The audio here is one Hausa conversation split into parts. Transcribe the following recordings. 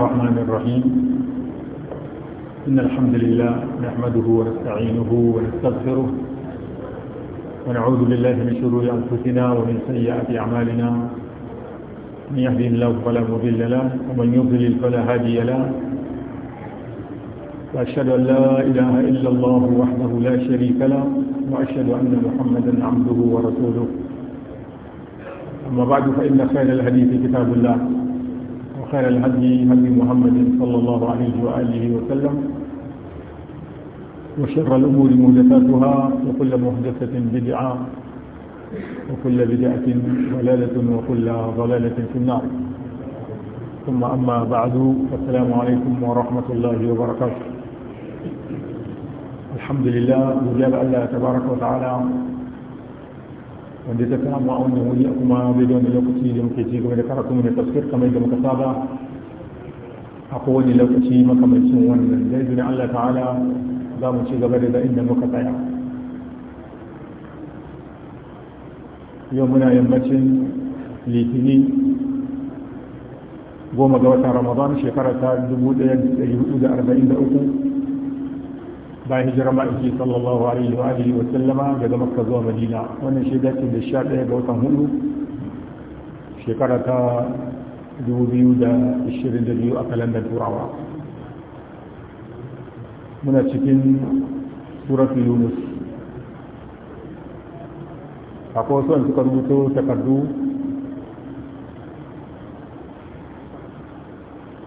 الرحمن الرحيم إن الحمد لله نحمده ونستعينه ونستغفره ونعوذ بالله من شرور أنفسنا ومن سيئات أعمالنا من يهدي الله فلا مضل له ومن يضلل فلا هادي له وأشهد أن لا إله إلا الله وحده لا شريك له وأشهد أن محمدا عبده ورسوله أما بعد فإن خير الحديث كتاب الله وخير الهدي هدي محمد صلى الله عليه وآله وسلم وشر الأمور مهدفاتها وكل مهدفة بدعة وكل بدعة ضلالة وكل ضلالة في النار ثم أما بعد فالسلام عليكم ورحمة الله وبركاته الحمد لله وجاب الله تبارك وتعالى wanda ta samu a wannan wuri kuma bai da wani lokaci da muke ci da karatu mu da tafsir kamar da muka saba a kowane lokaci makamancin wannan da izinin Allah ta'ala za mu ci gaba da inda muka tsaya yau muna yammacin litini goma ga watan ramadan shekara ta 1443 bayan hijirar ma'aiki sallallahu alaihi wa alihi wa sallama daga makka zuwa madina wannan shaida ce da sha ɗaya ga watan hudu shekara ta 2022 a kalandar turawa muna cikin suratu yunus akwai wasu suka rubuto takardu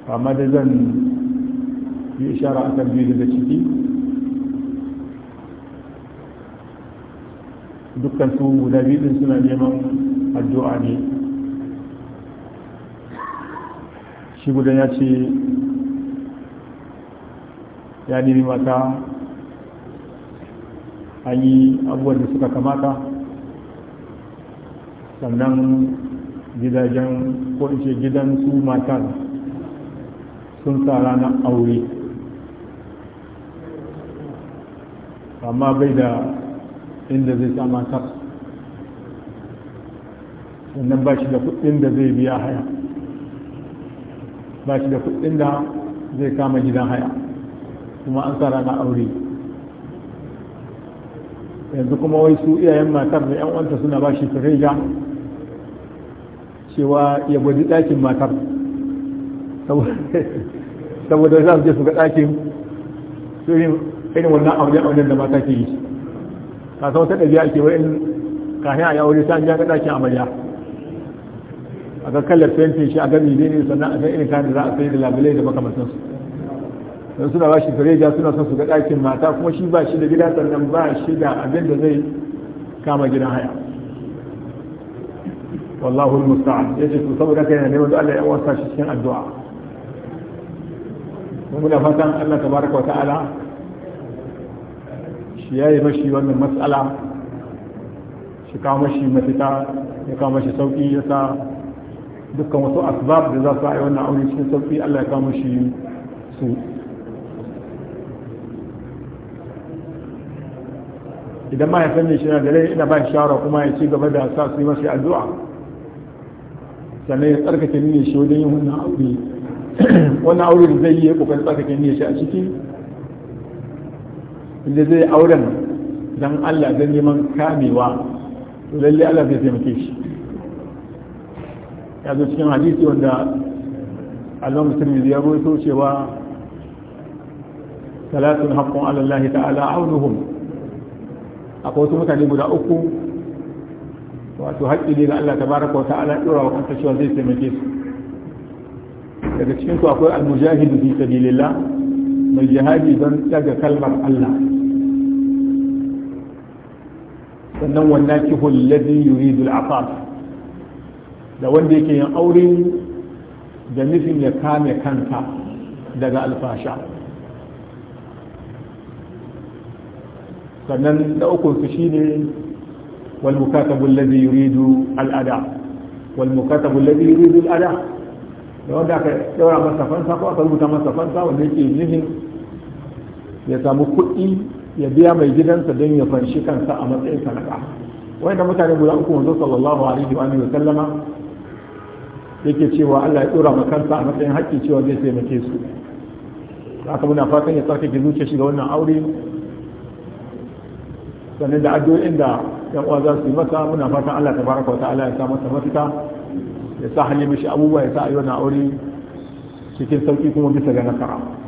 amma da zan yi ishara a kan biyu daga ciki dukkan su guda biyu din suna neman addu'a ne shi guda ya ce ya nemi mata an yi abubuwan da suka kamata sannan gidajen ko ce gidan su matar sun sa ranar aure amma bai da inda zai sa matar sannan ba shi da kudin da zai biya haya ba shi da kudin da zai kama gidan haya kuma an tsara na aure yanzu kuma wai su iyayen matar da yan suna ba shi firija cewa ya gwaji ɗakin matar saboda za su je su ga ɗakin irin wannan aure-auren da mata ke yi ka san wata ɗabi'a ke wa'in kafin a yawon risa ya ga ɗakin amarya a ga kallar fenti shi a gami ne sannan a san irin kayan da za a sayi da labulai da makamantansu don suna ba shi fareja suna son su ga ɗakin mata kuma shi ba shi da gida sannan ba shi da abin da zai kama gidan haya wallahu musta'an yace su saboda kai neman wanda Allah ya wasa shi cikin addu'a muna fatan Allah tabaraka wa ta'ala shi ya yi mashi wannan matsala shi kawo mashi mafita ya kawo mashi sauƙi ya sa dukkan wasu asbab da za su a wannan aure cikin sauƙi allah ya kawo mashi su idan ma ya sanya shi na dare ina ba shawara kuma ya ci gaba da sa su yi mashi addu'a sannan ya tsarkake niyyar shi wajen yin wannan aure wannan aure da zai yi ya kokarin tsarkake niyyar shi a ciki inda zai auren dan Allah dan neman kamewa to lalle Allah zai taimake shi ya zo cikin hadisi wanda Allah musulmi ya rawaito cewa salatun haqqun ala Allah ta'ala aunuhum akwai wasu mutane guda uku wato haƙƙi ne ga Allah tabaraka wa ta'ala dora wa kanta cewa zai taimake su daga cikin su akwai al-mujahidu fi sabilillah mai jihadi don daga kalmar Allah sannan wannan kihun ladhi yuridu al da wanda yake yin aure da nufin ya kame kanta daga alfasha sannan na ukunsu shi ne walmukatabun lazi yuridu al'ada walmukatabun lazi yuridu al'ada da wanda aka yaura masa fansa ko aka rubuta masa fansa wanda yake nufin ya samu kuɗi ya biya mai gidansa don ya fanshi kansa a matsayin Wani da mutane guda uku wanzu sallallahu alaihi wa sallama yake cewa Allah ya dora ma kansa a matsayin haƙƙi cewa zai taimake su haka muna fatan ya tsarkake zuciya shiga wannan aure sannan da addu'o'in da yan uwa za su yi masa muna fatan Allah tabaraka wa ta'ala ya sa masa mafita ya sa hanyar mishi abubuwa ya sa ayyuka aure cikin sauƙi kuma bisa ga nasara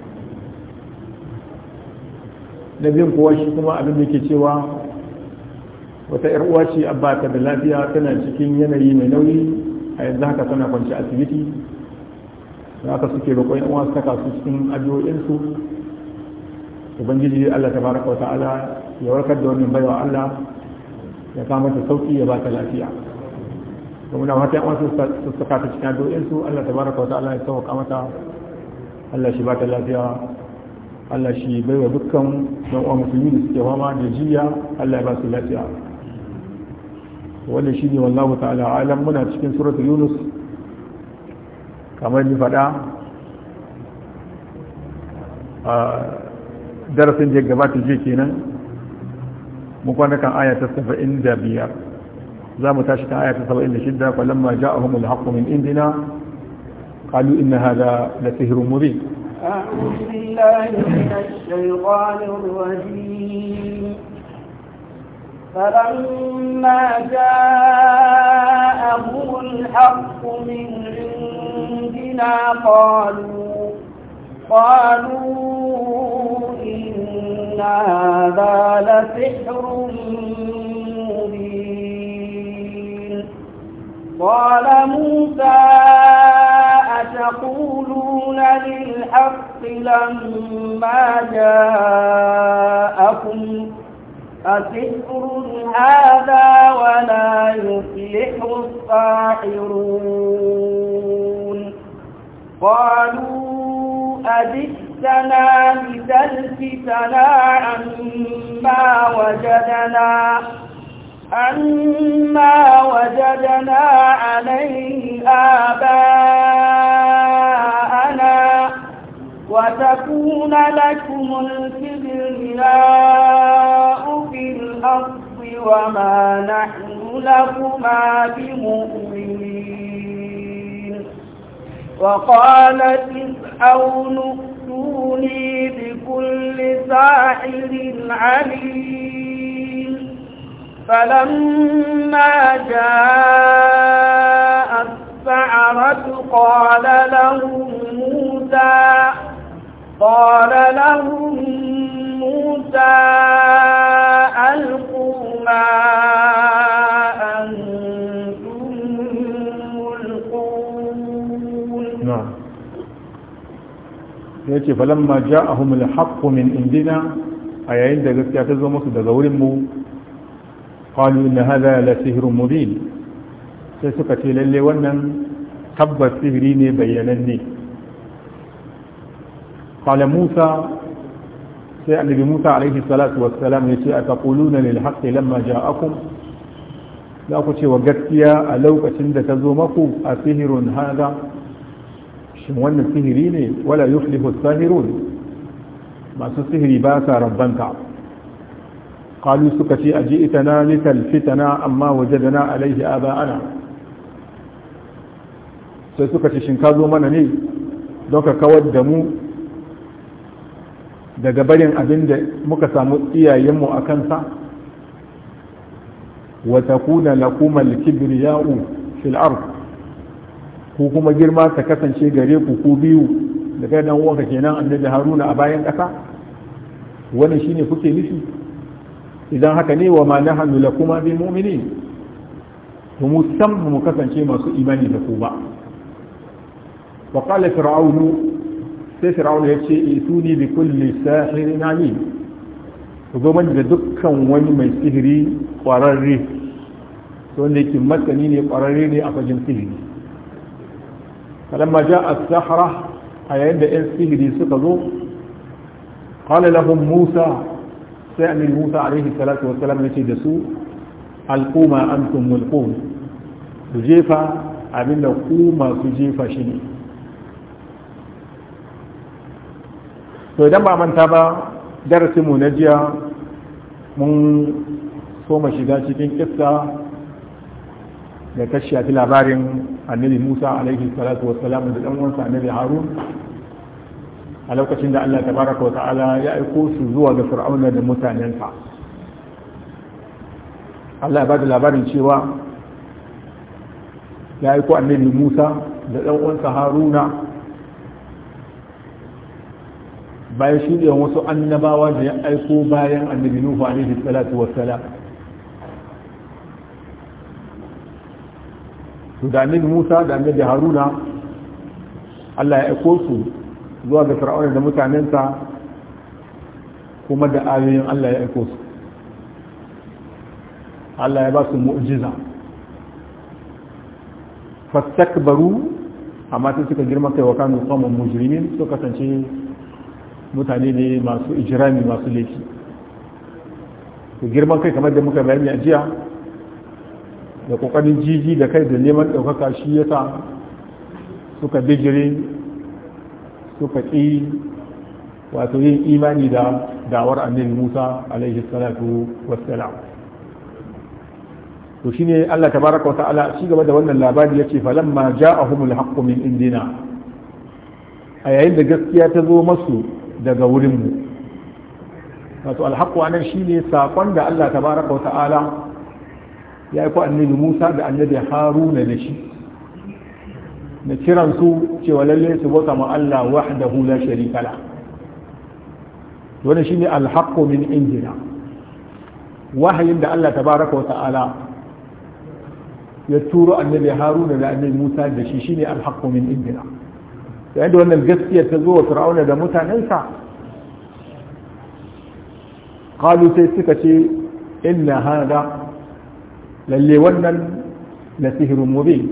na biyun kuwa shi kuma abin da ke cewa wata yar ce abba ta da lafiya tana cikin yanayi mai nauyi a yanzu haka tana kwanci asibiti da aka suke roƙon yan wasu taka su cikin addu'o'insu ubangiji Allah tabaraka wa ta'ala ya warkar da wannan baiwa Allah ya kama ta sauki ya ba ta lafiya domin na wata yan uwa su saka ta cikin addu'o'insu Allah tabaraka wa ta'ala ya sauka mata Allah shi ba ta lafiya Allah shi baiwa dukkan yan uwa musulmi da suke fama da jiya Allah ya ba su lafiya wannan shine wallahu ta'ala alam muna cikin suratul yunus kamar ni fada a darasin da gabata je kenan Mun kwana kan aya ta 75 za mu tashi kan aya ta 76 ma ja'ahum al-haqqu min indina qalu inna hadha la sihrun mubin أعوذ بالله من الشيطان الرجيم فلما جاءهم الحق من عندنا قالوا قالوا إن هذا لسحر مبين قال موسى أتقولون لي بالحق لما جاءكم أسحر هذا ولا يفلح الساحرون قالوا أجئتنا لتلفتنا عما وجدنا عما وجدنا عليه آباءنا وتكون لكم الكبرياء في الأرض وما نحن لكما بمؤمنين وقال فرعون ائتوني بكل ساحر عليم فلما جاء السعرة قال لهم موسى قال لهم موسى ألقوا ما أنتم ملقون نعم يأتي فلما جاءهم الحق من عندنا أيين دقيت يعتزوا مصد دور مو قالوا إن هذا لسهر مبين سيسكتي للي ونن تبت سهريني بيانني qala sai annabi musa alaihi salatu wassalam yace ataquluna lil haqqi lamma ja'akum za ku ce wa gaskiya a lokacin da ta zo maku a sihirun hada shin wannan sihiri ne wala yuflihu sahirun masu sihiri ba sa rabbanta qalu suka ce aji itana likal fitana amma na alaihi aba'ana sai suka ce shin ka zo mana ni don ka kawar da mu daga barin abin da muka samu iyayenmu a kansa wata kuna na kuma likibir ya'u filar, ku kuma girma ta kasance gare ku ku biyu daga dan uwanka kenan annabi haruna a bayan ƙasa Wani shine kuke nufi idan haka ne wa hannu nahnu lakuma bi mu'minin to mu mu kasance masu imani da ku ba wa qala fir'aunu فرعون يأتي إيتوني بكل ساحر عليم وذو من جدك وان من سهري قرري وان لك مكنيني قرريني أفجم سهري فلما جاء السحرة أي عند إن سهري ستضو قال لهم موسى سأمل موسى عليه الصلاة والسلام نتي دسو ألقوا أنتم ملقون تجيفا أمن لقوا ما شنيه to idan ba manta ba darasin mu na jiya mun soma shiga cikin kissa da ta shafi labarin annabi Musa alaihi salatu salamu da dan annabi Harun a lokacin da Allah ta baraka wa ta'ala ya aiko su zuwa ga fir'auna da mutanensa Allah ya ba da labarin cewa ya aiko annabi Musa da ɗan'uwansa Haruna bayan ne wasu annabawa da ya aiko bayan annabi nuhu alaihi salatu wassalam da annabi musa da annabi haruna allah ya aiko su zuwa ga fir'auna da mutanensa kuma da ayoyin allah ya aiko su allah ya ba su mu'jiza fastakbaru amma sai suka girma kai wa kanu qawman mujrimin suka kasance mutane ne masu ijirami masu laifi da girman kai kamar da muka bayani a da kokarin jiji da kai da neman ɗaukaka shi ya yasa suka bijiri suka ƙi wato yin imani da dawar annabi musa alaihi salatu wassalam to shine Allah tabaraka wa ta'ala shi gaba da wannan labari yace falamma ja'ahumul haqqu min indina a yayin da gaskiya ta zo masu daga wurinmu wato alhaku anan shi ne saƙon da allah tabaraka wata'ala ya aiko annabi musa da annabi haruna da shi na kiransu cewa lalle su bauta ma allah wahda hula sharika la wannan shine alhaku min indina wahayin da Allah tabaraka ya turo annabi haruna da annabi musa da shi shine alhaku min indina yayin da wannan gaskiyar ta zo wa fir'auna da mutanensa qalu sai suka ce inna hada lalle wannan na sihrun mubin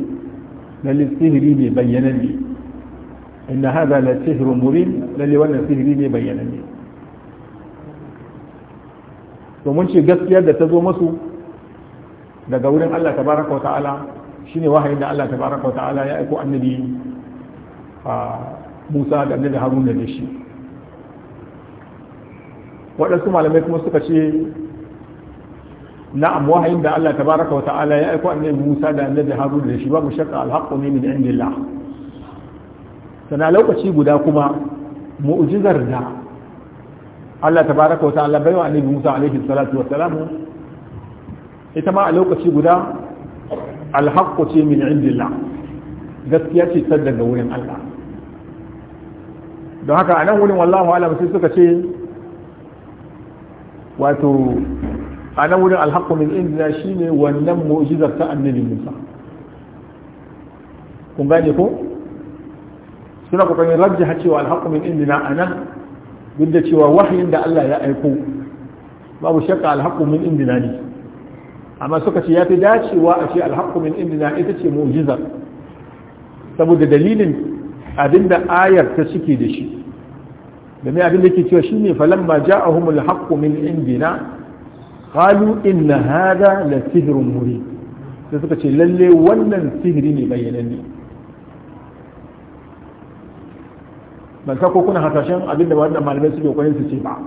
lalle sihiri ne bayyananne inna hada na sihrun mubin lalle wannan sihiri ne bayyananne to mun ce gaskiyar da ta zo masu daga wurin Allah tabaraka wa ta'ala shine wahayin da Allah tabaraka wa ta'ala ya aiko annabi A musa da annabi haruna da shi waɗansu malamai kuma suka ce na'am wahayin da Allah tabaraka wa ta'ala ya aiko annabi Musa da annabi Harun da shi babu shakka al alhaqqu ne min indillah sana lokaci guda kuma mu'jizar da Allah tabaraka wa ta'ala baiwa annabi Musa alaihi salatu wa salam ita ma a lokaci guda al alhaqqu ce min indillah gaskiya ce ta daga wurin Allah don haka a nan wurin wallahu ala sai suka ce wato a nan wurin alhaƙo min shi ne wannan mu'jizar ta annabi musa kun gane ko suna kokarin rajjaha cewa alhaƙo min indina a nan duk da cewa wahayin da allah ya aiko babu shakka alhaƙo min indina ne amma suka ce ya fi dacewa a ce alhaƙo min indina ita ce mu'jizar saboda dalilin abinda ayar ta cike da shi domin abin da ke cewa shi ne falamma ja'ahumul haqqu min indina qalu inna hadha la sihirin wuri. Da suka ce lalle wannan sihiri ne bayyananne ban sa ko kuna hasashen abin da wannan malamai suke kokarin su ce ba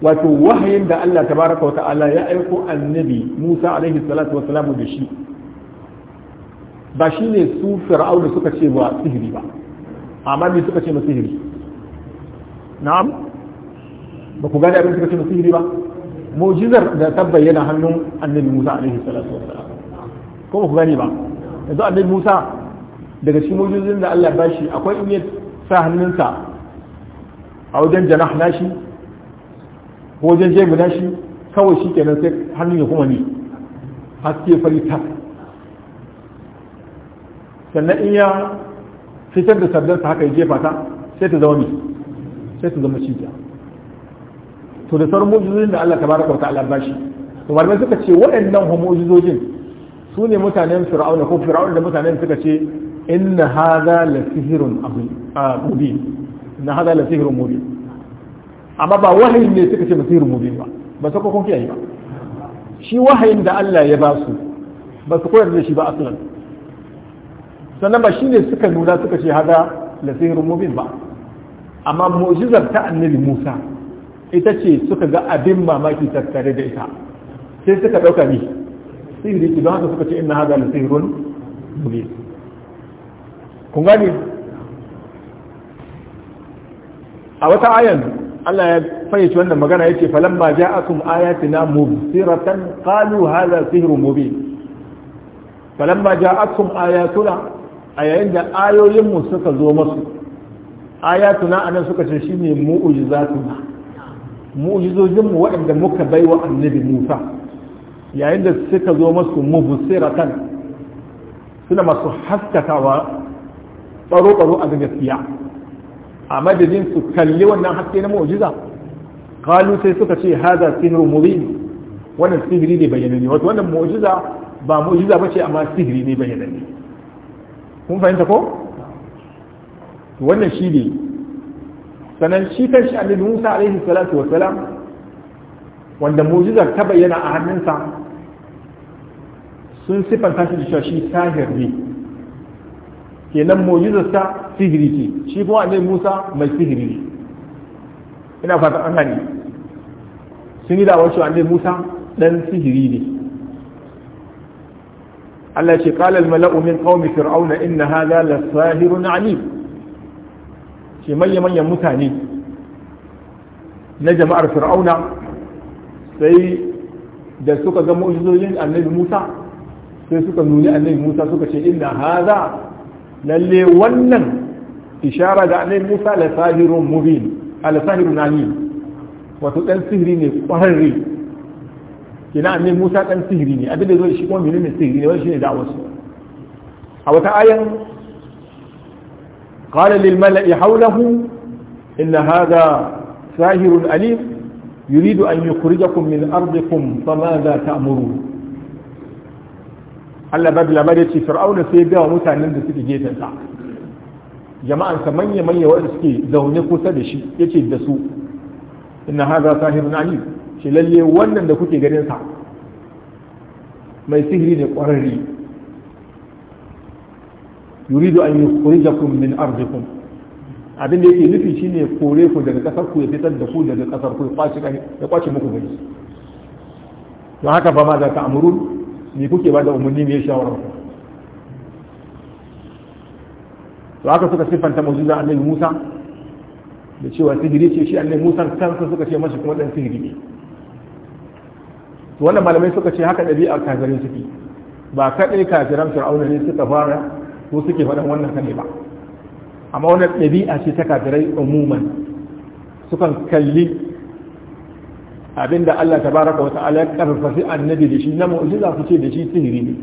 wato wahayin da Allah Ta baraka wata wata'ala ya aiko annabi Musa alaihi salatu wassalamu da shi ba shi shine su fir'auna suka ce ba sihiri ba amma me suka ce masu sihiri na'am ba ku gane abin suka ce masu sihiri ba mu'jizar da ta bayyana hannun annabi Musa alaihi salatu wassalam ko ba ku gane ba yanzu annabi Musa daga cikin mu'jizin da Allah ba shi akwai in ya sa hannunsa a wajen janah nashi ko wajen jebu nashi kawai shi kenan sai hannun ya kuma ni haske fari tak sannan in ya fitar da sandarsa haka ya jefa ta sai ta zama sai ta zama cijiya to da sauran mujizojin da Allah tabaraka wa ta'ala ba shi to malamai suka ce waɗannan mujizojin su ne mutanen fir'auna ko fir'auna da mutanen suka ce inna hadha la sihrun mubin inna hadha la sihrun mubin amma ba wahayin ne suka ce sihrun mubin ba ba sako kun kiyaye ba shi wahayin da Allah ya ba su ba su koyar da shi ba aslan sannan ba shine suka nuna suka ce haza la sihrun mubin ba amma mu'jizar ta annabi Musa ita ce suka ga abin mamaki tattare da ita sai suka dauka ni sihiri idan haka suka ce inna haza la sihrun mubin kun gani. a wata ayan Allah ya fayyace wannan magana yace falamma ja'akum ayatina mubsiratan qalu hadha sihrun mubin falamma ja'akum ayatuna a yayin da ayoyinmu suka zo masu ayatuna a nan suka ce shi ne mu'ujizatuna mu'ujizojinmu waɗanda muka bai wa annabi musa yayin da suka zo masu kan, suna masu haskakawa tsaro-tsaro a gaskiya a madadin su kalli wannan haske na mu'ujiza kalu sai suka ce haza sihirun mubin wannan sihiri ne ne, wato wannan mu'ujiza ba mu'ujiza ba ce amma sihiri ne ne. kun fahimta ko wannan shi ne sannan shi kan shi annabi Musa alaihi salatu wassalam wanda mujizar ta bayyana a hannunsa sun sifanta shi da shi sahir ne kenan mujizar ta sihiri ce shi kuma annabi Musa mai sihiri ne ina fata an gani sun yi dawar shi annabi Musa dan sihiri ne Allah ce qala al mala'u min qaumi fir'auna inna hadha la sahirun alim ce manya manyan mutane na jama'ar fir'auna sai da suka ga mu'jizojin annabi Musa sai suka nuni annabi Musa suka ce inna hadha lalle wannan ishara ga annabi Musa la sahirun mubin al sahirun alim wato dan sihiri ne kwararre kina annabi Musa dan sihiri ne abin da zo shi kuma menene sihiri ne wani shine da su a wata ayan qala lil mala'i hawlahu inna hadha sahirun alim yuridu an yukhrijakum min ardikum famadha ta'murun Allah ba labari ce fir'auna sai ga mutanen da suke gefen jama'an sa manya manya wanda suke zaune kusa da shi yace dasu su inna hadha sahirun alim shi wannan da kuke ganin mai sihiri ne ƙwararri yuridu an yi kurijakun min arzikun abin da yake nufi shine kore ku daga ƙasar ku ya fitar da ku daga ƙasar ku ya kwace muku gari don haka ba ma da ta amuru ne kuke ba da umarni mai shawarar ku to haka suka siffanta mu'jiza annabi Musa da cewa sihiri ce shi annabi Musa kansa suka ce mashi kuma dan sihiri ne wannan malamai suka ce haka ɗabi'a kafirin suke ba kaɗai kafiran fir'auna ne suka fara ko suke faɗin wannan kaɗai ba amma wannan ɗabi'a ce ta kafirai umuman sukan kalli abinda Allah ta tabaraka wa ta'ala ya karfafi annabi da shi na mu'jiza su ce da shi sihiri ne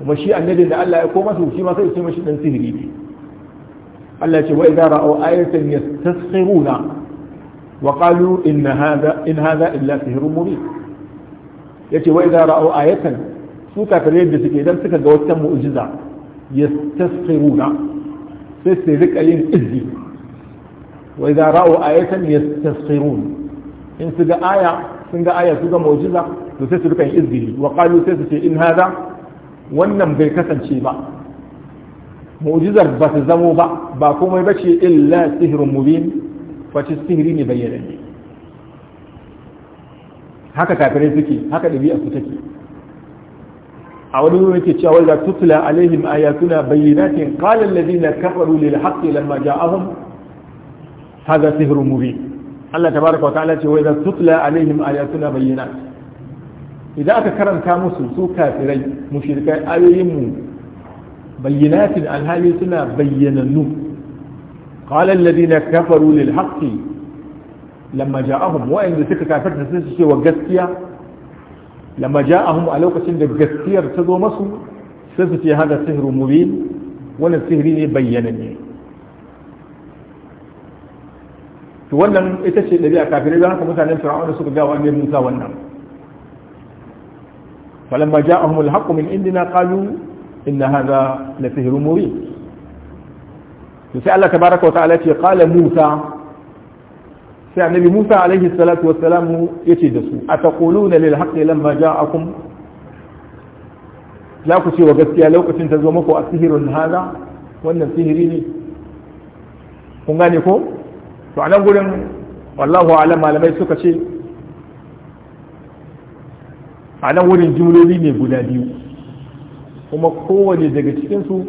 kuma shi annabi da Allah ya koma su shi ma sai su mashi dan sihiri ne Allah ce wa idza ra'aw ayatan yastaskhiruna wa qalu in hadha in hadha illa sihrun mubin yace wai zara a ayatan su kafirai da suke idan suka ga wata mu'jiza yastaskhiruna sai su rika yin izzi wa idza ra'u ayatan yastaskhirun in su ga aya sun ga aya su ga mu'ujiza to sai su rika yin izzi wa qalu sai su ce in hada wannan bai kasance ba mu'ujizar ba su zamo ba ba komai bace illa sihrun mubin face sihiri ne bayyana ne haka kafirai suke haka ɗabi'a su take a wani wurin yake cewa wanda tutula alaihim ayatuna bayyinatin qala alladhina kafaru lil haqqi lamma ja'ahum hadha sihrun mubin Allah tabaraka wa ta'ala ce wa idza tutla alaihim ayatuna bayyinat idan aka karanta musu su kafirai mushrikai ayoyin mu bayyinatin alhali suna bayyanannu qala alladhina kafaru lil haqqi lamma ja'ahum wa'anda suka kafirta sun su cewa gaskiya lamma ja'ahum a lokacin da gaskiyar ta zo masu sai su ce hada sihirin mubin wannan sihiri ne bayyana ne to wannan ita ce ɗabi'a kafirai don haka mutanen fir'auna suka ga ne musa wannan falamma ja'ahum al-haqqu min indina qalu inna hadha la sihrun mubin to sai Allah tabaraka wa ta'ala ce qala musa sai annabi Musa alaihi salatu wassalamu yace da su ataquluna lil haqqi lamma ja'akum za ku ce wa gaskiya lokacin ta zo muku a sihirin hada wannan sihiri ne kun gane ko to a nan gurin wallahu alam malamai suka ce a nan wurin jimloli ne guda biyu kuma kowane daga cikinsu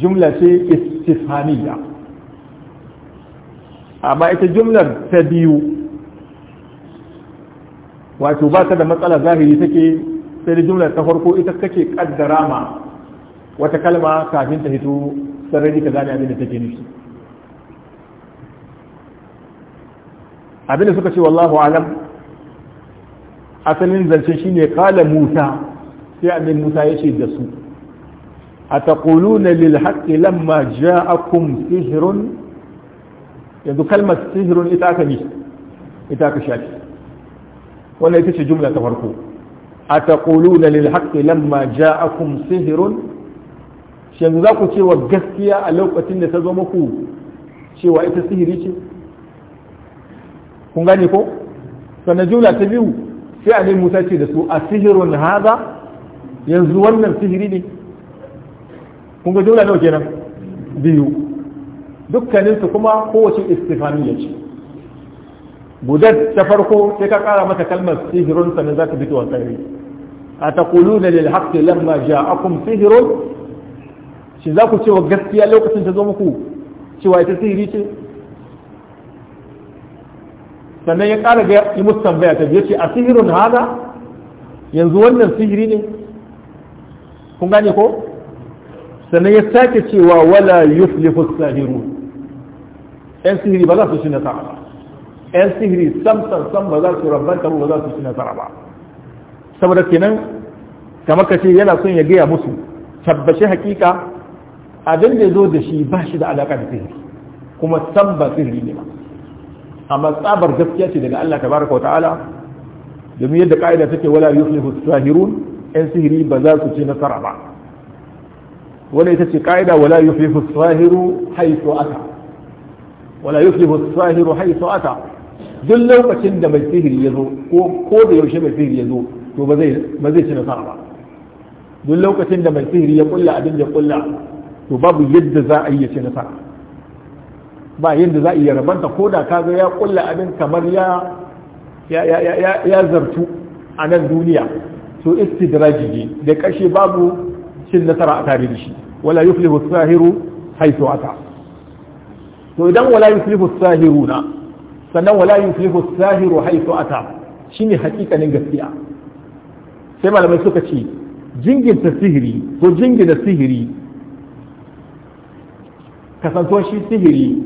jumla ce istifaniya amma ita jumlar ta biyu wato ba ta da matsala zahiri take sai da jumlar ta farko ita kake kaddara ma wata kalma kafin ta hito sarari ka gane abin da take nufi abin da suka ce wallahu alam asalin zance shine kala musa sai abin musa ya ce da su a na lil haqqi lamma ja'akum sihrun yanzu kalmar sihirun ita aka bi ita aka shafi wannan ita ce jumla ta farko A ta ataquluna lil haqqi lamma ja'akum sihirun yanzu za ku ce wa gaskiya a lokacin da ta zo muku cewa ita sihiri ce kun gane ko sannan jumla ta biyu sai a musa ce da su a sihirun haza yanzu wannan sihiri ne kun ga jumla nawa kenan biyu dukkaninsu kuma kowace istifamiya ce budad ta farko sai ka kara mata kalmar sihirun sannan za ta fito wa tsari a ta kulu da lil haqqi lamma ja'akum sihirun shi za ku ce wa gaskiya lokacin ta zo muku cewa ita sihiri ce sannan ya kara ga yi musu tambaya ta biyu ce a sihirun haza? yanzu wannan sihiri ne kun gane ko sannan ya sake cewa wala yuflihu sahirun yan sihiri ba za su shi nasara ba yan sihiri sam sam ba za su rabanta ba za su shi nasara ba saboda kenan kamar ka ce yana son ya gaya musu tabbashi hakika abin da zo da shi ba shi da alaƙa da sihiri kuma san ba sihiri ne ba amma tsabar gaskiya ce daga Allah tabaraka wa ta'ala domin yadda ka'ida take wala yuflihu sahirun yan sihiri ba za su ci nasara ba wani ita ce ka'ida wala yuflihu sahiru haythu ata wala yuflihu as-sahiru haythu ata duk lokacin da mai sihir ya zo ko da yaushe mai sihir ya zo to ba zai ci nasara ba duk lokacin da mai sihir ya kulla abin ya kulla to babu yadda za a yi ya ci nasara ba yadda za a iya rabanta ko da kaga ya kulla abin kamar ya zartu a nan duniya to istidraji ne da kashe babu cin nasara a tare da shi wala yuflihu sahiru haythu ata to idan wala yuflihu sahiruna sannan wala yuflihu sahiru haythu ata shine hakikanin gaskiya sai malamai suka ce jinginta sihiri ko jingina sihiri kasantuwar shi sihiri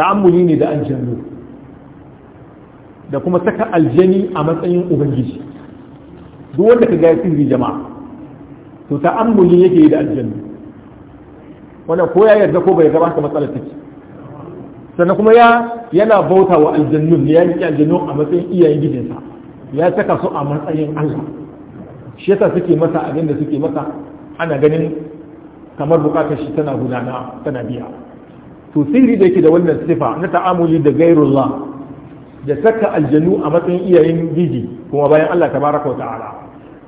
ta'ammuli ne da aljannu da kuma saka aljani a matsayin ubangiji duk wanda ka gaya sihiri jama'a to ta'ammuli yake da aljannu wannan ko ya yarda ko bai gaba ka matsalar take sannan kuma ya yana bauta wa aljannun ya yi aljannun a matsayin iyayen gidansa ya saka su a matsayin Allah shi yasa suke masa abin da suke masa ana ganin kamar bukatar shi tana gudana tana biya to sirri da yake da wannan sifa na ta'amuli da gairullah da saka aljannu a matsayin iyayen gidi kuma bayan Allah tabaraka wa ta'ala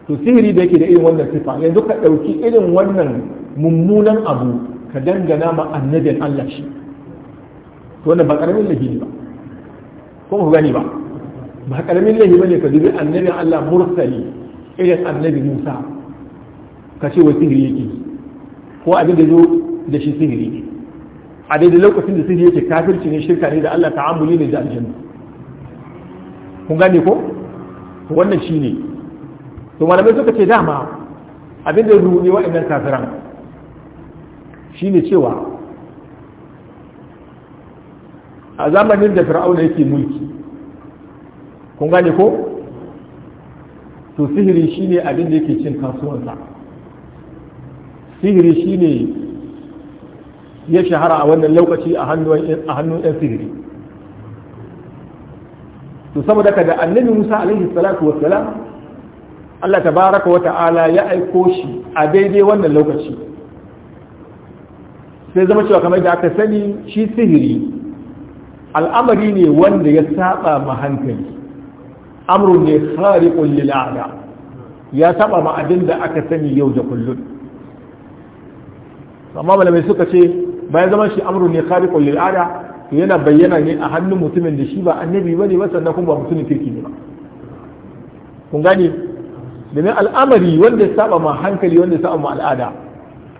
to sihiri da yake da irin wannan sifa yanzu ka ɗauki irin wannan mummunan abu ka dangana ma annabin Allah shi to wannan ba karamin laifi ba ko ku gani ba ba karamin laifi bane ka dubi annabi Allah mursali irin annabi Musa ka ce wai sihiri yake ko abin da zo da shi sihiri ne a daidai lokacin da sihiri yake kafirci ne shirka ne da Allah ta'amuli ne da aljanna kun gane ko wannan shine to malamai suka ce dama abin da ruɗe wa'annan kafiran shine cewa a zamanin da fir'auna yake mulki kun gane ko to sihiri shine abin da yake cin kasuwansa sihiri shine ya shahara a wannan lokaci a hannun 'yan sihiri to saboda ka da annabi musa alaihi salatu wassalam allah tabaraka wa ta'ala ya aiko shi a daidai wannan lokaci sai zama cewa kamar da aka sani shi sihiri al'amari ne wanda ya saba ma hankali amru ne khariqun lil'ada a'da ya saba ma abin da aka sani yau da kullum amma malamai suka ce bayan zaman shi amru ne khariqun lil'ada a'da yana bayyana ne a hannun mutumin da shi ba annabi bane ba sannan kuma ba mutumin kirki ne ba kun gane domin al'amari wanda ya saba ma hankali wanda ya saba ma al'ada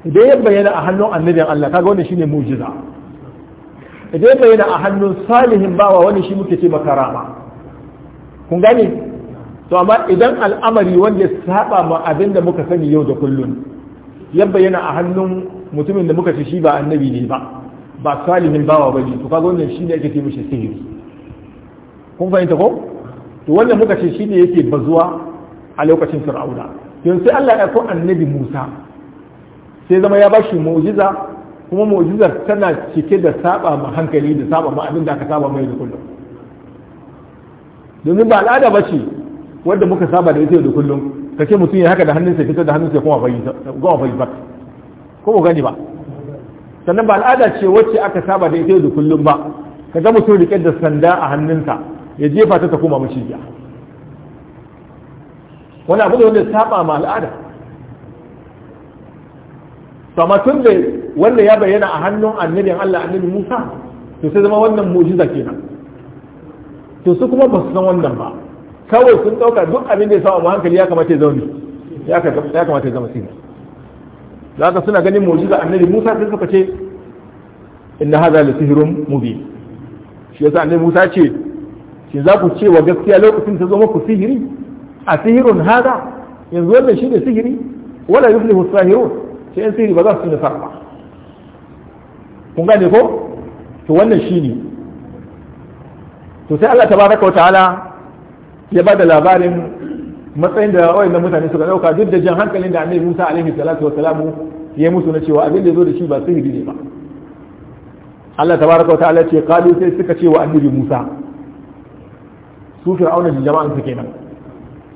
idan ya bayyana a hannun annabin Allah kaga wannan shine mu'jiza da yana a hannun salihin bawa wani shi muke ce makarama kun gane to amma idan al'amari wanda saba ma abin da muka sani yau da kullun ya bayyana a hannun mutumin da muka ce shi ba annabi ne ba ba salihin bawa ba ne to kaga wannan shine ake ce mishi sihiri kun fahimta ko to wannan muka ce shine yake bazuwa a lokacin fir'auna yanzu sai Allah ya ko annabi Musa sai zama ya bashi mu'jiza kuma mu'jizar tana cike da saba ma hankali da saba ma abin da aka saba mai da kullum domin ba al'ada ba ce wadda muka saba da ita da kullum ka ce mutum ya haka da hannunsa fitar da hannunsa kuma fayi ba ko ba gani ba sannan ba al'ada ce wacce aka saba da ita da kullum ba ka ga mutum riƙe da sanda a hannunsa ya jefa ta ta koma macijiya wani abu da wanda saba ma al'ada to amma tun da wanda ya bayyana a hannun annabin Allah annabi Musa to sai zama wannan mu'jiza kenan to su kuma ba su san wannan ba kawai sun dauka duk abin da ya samu hankali ya kamata ya zaune ya kamata ya zama sina da ka suna ganin mu'jiza annabi Musa sai suka ce inna hadha la sihrun mubin shi yasa annabi Musa ce shi za ku ce wa gaskiya lokacin ta zo muku sihiri a sihirun hada yanzu wannan shi ne sihiri wala yuflihu sahirun sai yan sirri ba za su nasara ba kun gane ko to wannan shi ne. to sai Allah tabaraka ta'ala ya ba da labarin matsayin da da mutane suka dauka duk da jan hankalin da annabi Musa alaihi salatu wassalamu ya musu na cewa abin da zo da shi ba sihiri ne ba Allah tabaraka wa ta'ala ce qalu sai suka ce wa annabi Musa su fir'auna da jama'an su kenan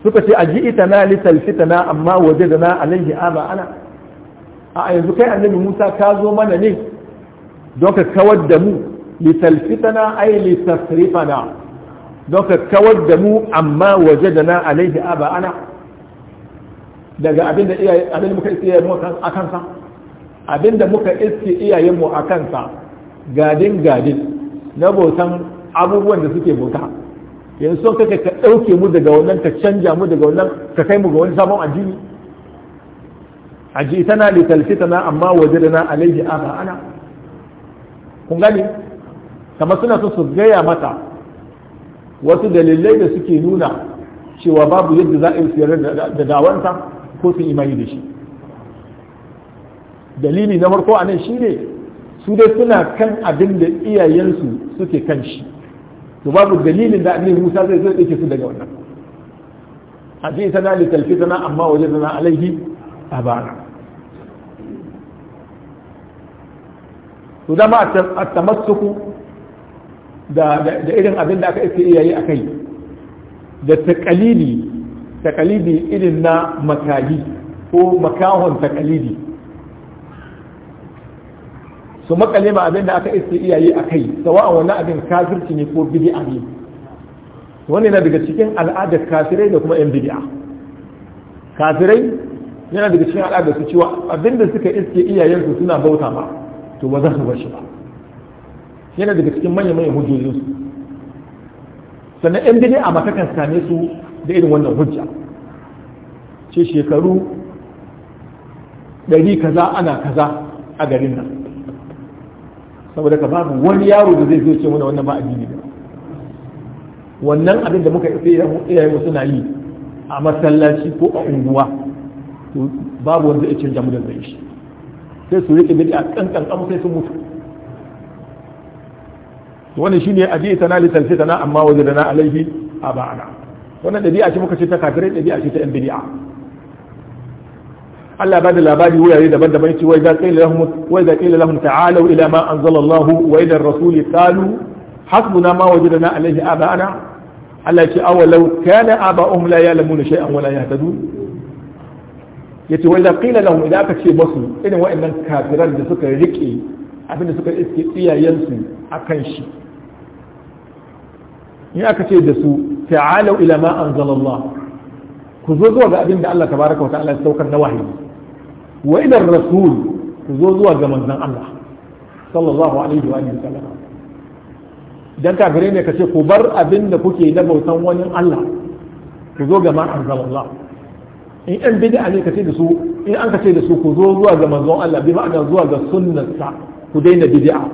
suka ce aji'itana litalfitana amma wajadana alaihi aba ana a yanzu kai annabi Musa ka zo mana ne don ka kawar da mu litalfitana ay litasrifana don ka kawar da mu amma wajadana alaihi aba ana daga abinda iyaye abinda muka iske iyayen mu a kansa abinda muka iske iyayen mu a kansa gadin gadin na bautan abubuwan da suke bauta yanzu kake ka ɗauke mu daga wannan ka canja mu daga wannan ka kai mu ga wani sabon addini ajitana li na amma na alaihi aba ana kun gani kamar suna so su gaya mata wasu dalilai da suke nuna cewa babu yadda za a yi siyar da dawanta ko su imani da shi dalili na farko a nan shine su dai suna kan abin da iyayensu suke kan shi to babu dalilin da abin Musa zai zo ɗauke su daga wannan ajitana li na amma na alaihi a bara su zama a tamassuku da irin abin da aka iske iyaye a kai da takalili takalidi irin na makahi ko makahon takalidi su makale ma abin da aka iske iyaye a kai sawa'an wani abin kafirci ne ko bid'a ne wani na daga cikin al'adar kafirai da kuma yan bid'a kafirai yana daga cikin al'ada su cewa abinda suka iske iyayensu suna bauta ma to ba za su bar shi ba yana daga cikin manyan manyan hujjojin su sannan yan bidi a matakan same su da irin wannan hujja ce shekaru ɗari kaza ana kaza a garin nan saboda ka babu wani yaro da zai zo ce mana wannan ba addini ba wannan abin da muka iya suna yi a masallaci ko a unguwa to babu wanda ya canja mu da zai shi sai su rike bid'a kankan am sai su mutu to wannan shine ajitana li talfitana amma wajadana alaihi abana wannan dabi'a ce muka ce ta kafirai dabi'a ce ta yan bid'a Allah ba da labari wurare daban-daban yace wai da qila lahum wai da qila lahum ta'alu ila ma anzalallahu wa ila ar-rasul qalu hasbuna ma wajadana alaihi abana Allah ya ce awalau kana aba'uhum la ya'lamuna shay'an wa la yahtadun yace wanda qila lahum idan aka ce masu irin waɗannan kafiran da suka rike abinda suka iske iyayensu akan shi in aka ce da su ta'alu ila ma anzalallah ku zo zuwa ga abinda Allah tabaraka wa ta'ala ya saukar na wahayi wa idan rasul ku zo zuwa ga manzon Allah sallallahu alaihi wa sallam dan kafirai ne kace ku bar abinda kuke na bautan wani Allah ku zo ga ma anzalallah in yan bid'a ne ka ce da su in an ka ce da su ku zo zuwa ga manzon Allah bi ma'ana zuwa ga sunnarsa ku daina bid'a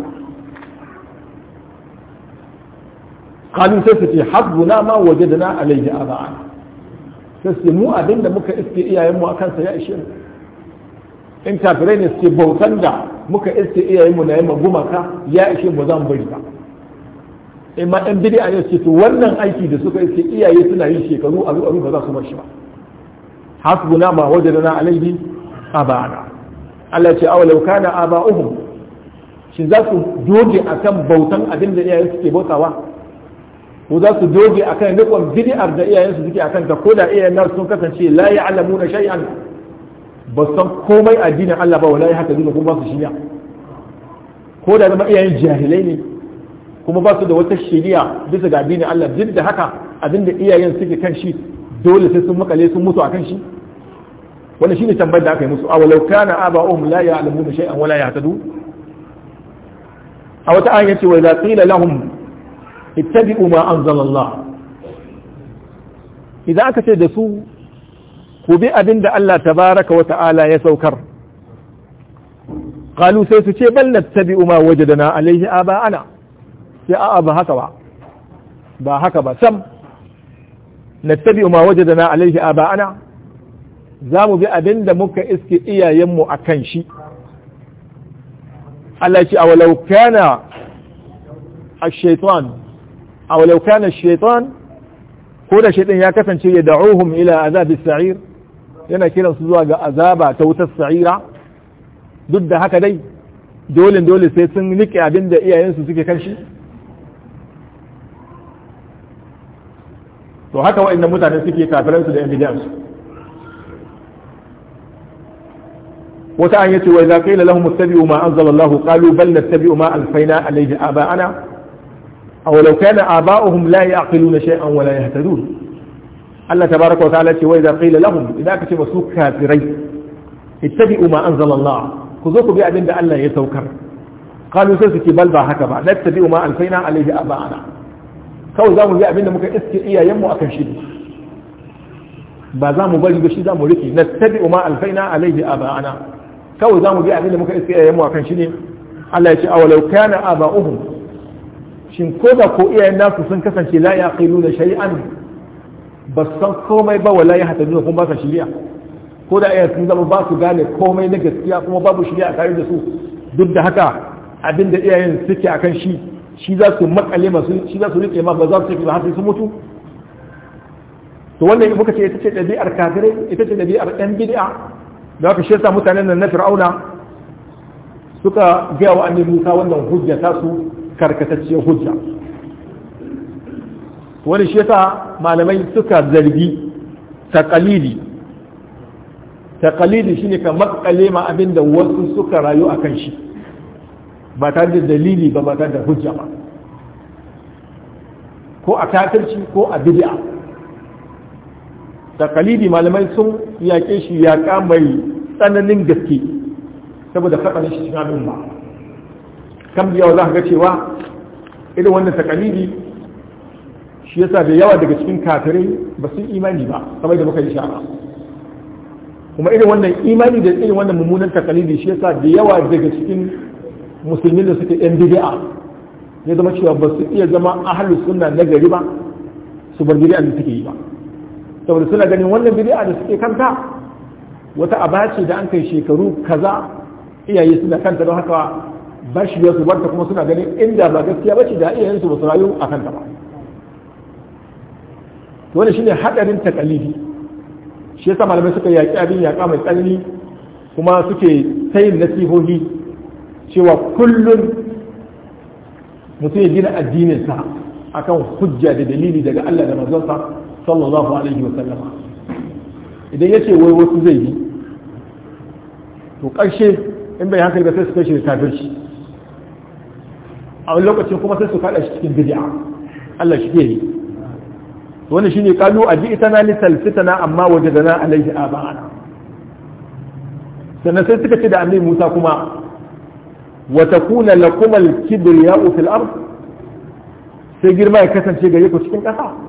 qalu sai su ce hadduna ma wajadna alayhi aba'a sai su mu abin da muka iske iyayen mu akan sa ya ishe mu in kafirai ne su bautan da muka iske iyayen mu na yamma gumaka ya ishe mu zan bari ba in ma yan bid'a ne su ce to wannan aiki da suka iske iyaye suna yin shekaru a zuwa ba za su bar shi ba hasbuna ma wajadana alaihi abana Allah ce awalau kana aba'uhum shin za su doge akan bautan abin da iyayen suke bautawa ko za su doge akan rikon bid'ar da iyayen su suke akan ta koda iyayen nan sun kasance la ya'lamuna shay'an ba san komai addinin Allah ba wallahi haka dole kuma ba su shiriya ko da zama iyayen jahilai ne kuma ba su da wata shiriya bisa ga addinin Allah duk da haka abin da iyayen suke kan shi dole sai sun makale sun mutu akan shi wanda shine tambayar da aka yi musu awalau kana aba'uhum la ya'lamuna shay'an wala yahtadu a wata ayan yace wa idza qila lahum ittabi'u ma anzala Allah idan aka ce da su ku bi abin da Allah tabaraka wa ta'ala ya saukar qalu sai su ce bal nattabi'u ma wajadana alayhi aba'ana sai a'a ba haka ba ba haka ba sam nattabi'u ma wajadana alayhi aba'ana za mu bi abin da muka iske iyayenmu a kan shi Allah ce a walau a shaitan a walau shaitan ko da shaitan ya kasance ya da'uhum ila azabi sa'ir yana kiran su zuwa ga azaba ta wutar sa'ira duk da haka dai dole dole sai sun nike abin da iyayensu suke kan shi to haka wa'annan mutane suke kafiransu da yan bidansu wata an yace wa idza qila lahum ittabi'u ma anzala Allah qalu bal nattabi'u ma alfayna alayhi aba'ana aw law kana aba'uhum la ya'qiluna shay'an wa la yahtadun Allah tabaaraka wa ta'ala ce wa idza qila lahum idza kace masu kafirai ittabi'u ma anzala Allah ku zo ku bi abinda Allah ya saukar qalu sai suke bal ba haka ba nattabi'u ma alfayna alayhi aba'ana kawai za mu bi abinda muka iske iyayenmu akan shi ba za mu bari ba shi za mu rike nattabi'u ma alfayna alayhi aba'ana kawai za mu bi abin da muka iske yayin a kan shi ne Allah ya ce a awalau kana aba'uhum shin ko da ko iyayen nasu sun kasance la nuna shari'an, ba san komai ba wala ya nuna kuma ba shari'a ko da iyayen sun zama ba su gane komai na gaskiya kuma babu shari'a a tare da su duk da haka abin da iyayen suke a kan shi shi za su makale masu shi za su rike ma ba za su tafi ba har sai mutu to wannan muka ce ita ce ɗabi'ar kafirai ita ce ɗabi'ar ɗan bid'a da aka shirta mutanen nan na fir'auna suka gaya wa annabi musa wannan hujja ta su karkatacciyar hujja wani shi sa malamai suka zargi taqalidi taqalidi shine ka makale ma abinda wasu suka rayu akan shi ba tare da dalili ba ba tare da hujja ba ko a kafirci ko a bid'a takalidi malamai sun yaƙe shi yaƙa mai tsananin gaske saboda faɗanin shi cikin al'umma kan biyawa za a ga cewa irin wannan takalidi shi yasa da yawa daga cikin kafirai ba sun imani ba kamar da muka yi shara kuma irin wannan imani da irin wannan mummunan takalidi shi yasa da yawa daga cikin musulmi da suke yan bidi'a ya zama cewa ba su iya zama a sunna na nagari ba su bar bid'a da suke yi ba saboda suna ganin wannan biri'a da suke kanta wata abaci da an kai shekaru kaza iyaye suna kanta don haka ba shi su barta kuma suna ganin inda ba gaskiya ba ce da iyayen su ba su rayu a kanta ba to shine hadarin takalifi shi yasa malamai suka yaki abin yaƙa mai tsanani kuma suke sayin nasihohi cewa kullum mutum ya gina addininsa akan hujja da dalili daga Allah da manzonsa sallallahu alaihi wa sallama idan yace wai wasu zai yi to ƙarshe in bai hankali ba sai su kai shi da kafirci a wani lokacin kuma sai su kada shi cikin bid'a Allah shi ke yi wannan shine kalu na li fitana amma da wajadana alaihi aba'ana sannan sai suka ce da annabi Musa kuma wa takuna lakum Kibir ya fil ard sai girma ya kasance gare ku cikin ƙasa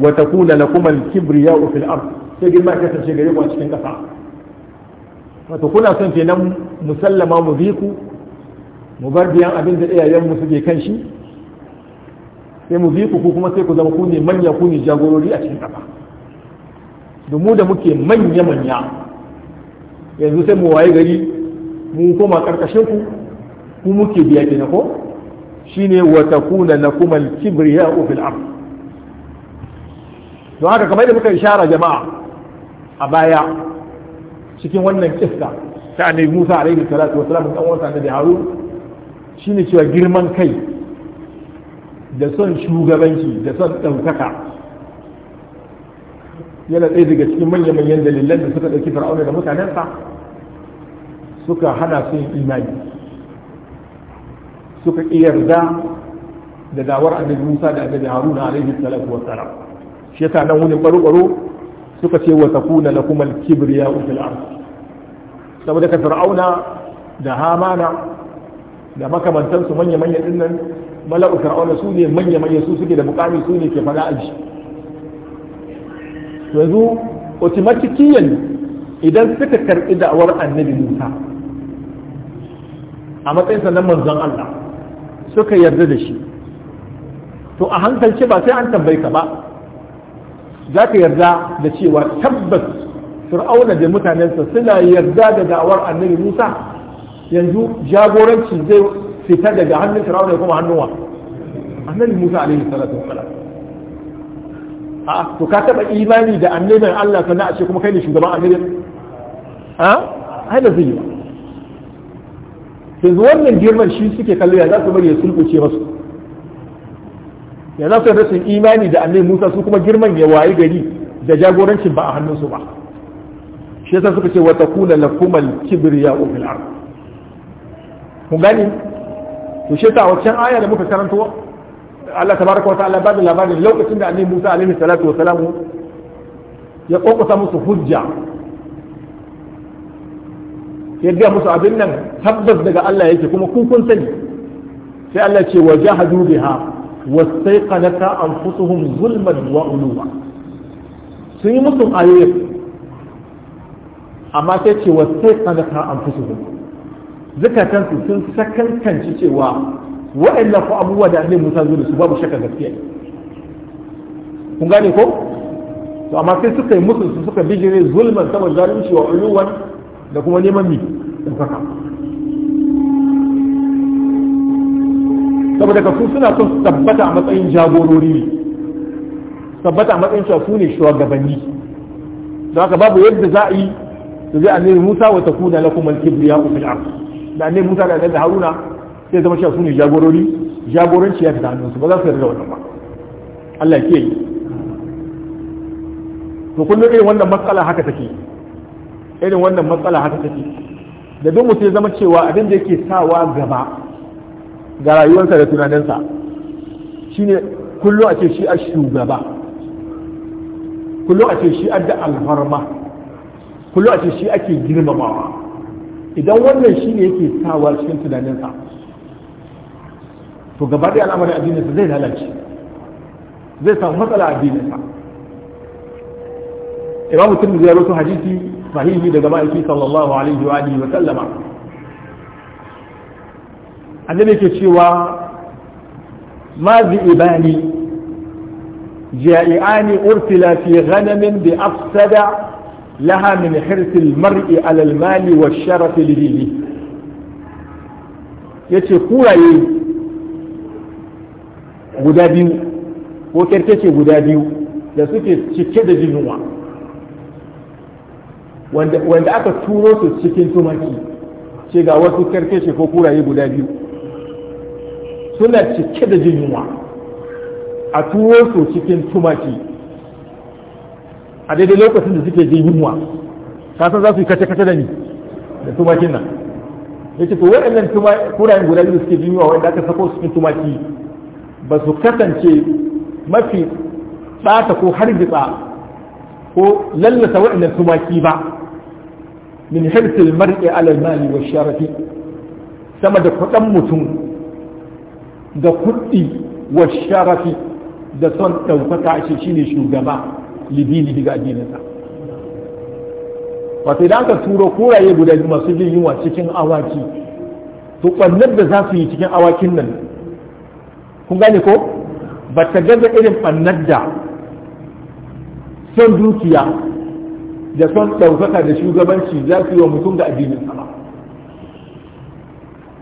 wa takuna lakum al-kibriya'u fil ard sai girma ka kasance gare ku a cikin kasa wato kuna son kenan musallama mu bi ku mu bar biyan abin da iyayen mu suke kan shi sai mu bi ku ku kuma sai ku zama ku ne manya ku ne jagorori a cikin kasa domin da muke manya manya yanzu sai mu waye gari mu koma karkashin ku ku muke biya kenan ko shine wa takuna lakum al-kibriya'u fil ard don haka kamar da muka ishara jama'a a baya cikin wannan kista ta annabi Musa alaihi salatu wa salam dan da annabi shi ne cewa girman kai da son shugabanci da son ɗaukaka yana ɗaya daga cikin manyan manyan dalilan da suka ɗauki fir'auna da mutanensa suka hana su yin imani suka ƙi yarda da dawar annabi Musa da annabi Haruna alaihi salatu wa salam shi yasa nan wurin baro-baro suka ce wa takuna na al-kibriya fil ard saboda ka fir'auna da hamana da makamantansu manya-manya dinnan mala'u fir'auna su ne manya-manya su suke da mukami su ne ke fada aji yanzu otimatikiyan idan suka karɓi da'awar annabi musa a matsayin sannan manzon allah suka yarda da shi to a hankalci ba sai an tambayi ka ba za ka yarda da cewa tabbas fir'auna da mutanensa suna yarda da da'awar annabi musa yanzu jagoranci zai fita daga hannun fir'auna kuma hannuwa annabi musa alaihi salatu salam. a to ka taba imani da annabin allah sannan a ce kuma kai ne shugaban annabi a ai da zai yi yanzu wannan girman shi suke kallo ya za su bari ya sulbuce masu ya za su rashin imani da annabi Musa su kuma girman ya wayi gari da jagorancin ba a hannunsu ba shi yasa suka ce wata kula la kumal kibriya fil ard ku gani to shi ta waccan aya da muka karanto Allah tabaraka wa ta'ala ba da labarin lokacin da annabi Musa alaihi salatu wa salam ya kokosa musu hujja ya ga musu abin nan tabbas daga Allah yake kuma kun kun sani sai Allah ce wajahadu biha wastaiqanata anfusuhum zulman wa uluwa sun yi musu ayoyi amma sai ce wastaiqanata anfusuhum zakatan su sun sakantanci cewa waɗannan ku abubuwa da annabi Musa zuwa su babu shakka gaskiya kun gane ko to amma sai suka yi musu suka bijire zulman saboda zalunci wa uluwan da kuma neman mi da saboda ka su suna son tabbata a matsayin jagorori ne tabbata a matsayin su ne shugabanni don haka babu yadda za a yi su zai annabi Musa wa na kuma al-kibriya fil ard da annabi Musa da annabi Haruna sai zama cewa su ne jagorori jagoranci ya fita hannunsu ba za su yarda da wannan ba Allah ke yi to kullum irin wannan matsala haka take irin wannan matsala haka take da duk mutum ya zama cewa abin da yake sawa gaba ga rayuwarsa da tunaninsa shine kullum a ce shi a shugaba kullum a ce shi da alfarma kullum a ce shi ake girmamawa idan wannan shi ne yake sawa cikin tunaninsa to gaba da al'amarin addininsa zai lalace zai samu matsala addininsa imamu tun da ziyarar rasu hadisi sahihi daga ma'aiki sallallahu alaihi wa sallama annabi ke cewa ma ibani جائعان أرسل في afsada بأفسد لها من حرص المرء على المال والشرف لدينه yace kuraye guda biyu ko kyarkece guda biyu da suke cike da jinuwa wanda aka turo su cikin tumaki ce ga wasu kyarkece ko kuraye guda biyu suna cike da jin yunwa a tuwo su cikin tumaki a daidai lokacin da suke jin yunwa kasan za su yi kace-kace da ni da tumakin nan ya ce to waɗannan kurayen guda biyu suke jin yunwa wanda aka sako su cikin tumaki ba su kasance mafi tsata ko hargitsa ko lallata waɗannan tumaki ba min hirsil mar'i alal mali wa sharafi sama da kuɗan mutum da kuɗi wa sharafi da son ɗaukaka shi shine shugaba libini daga addininsa wato idan aka turo koraye guda masu jin yunwa cikin awaki to ɓannar da za su yi cikin awakin nan kun gane ko ba ta gaza irin ɓannar da son dukiya da son ɗaukaka da shugabanci za su yi wa mutum da addininsa ba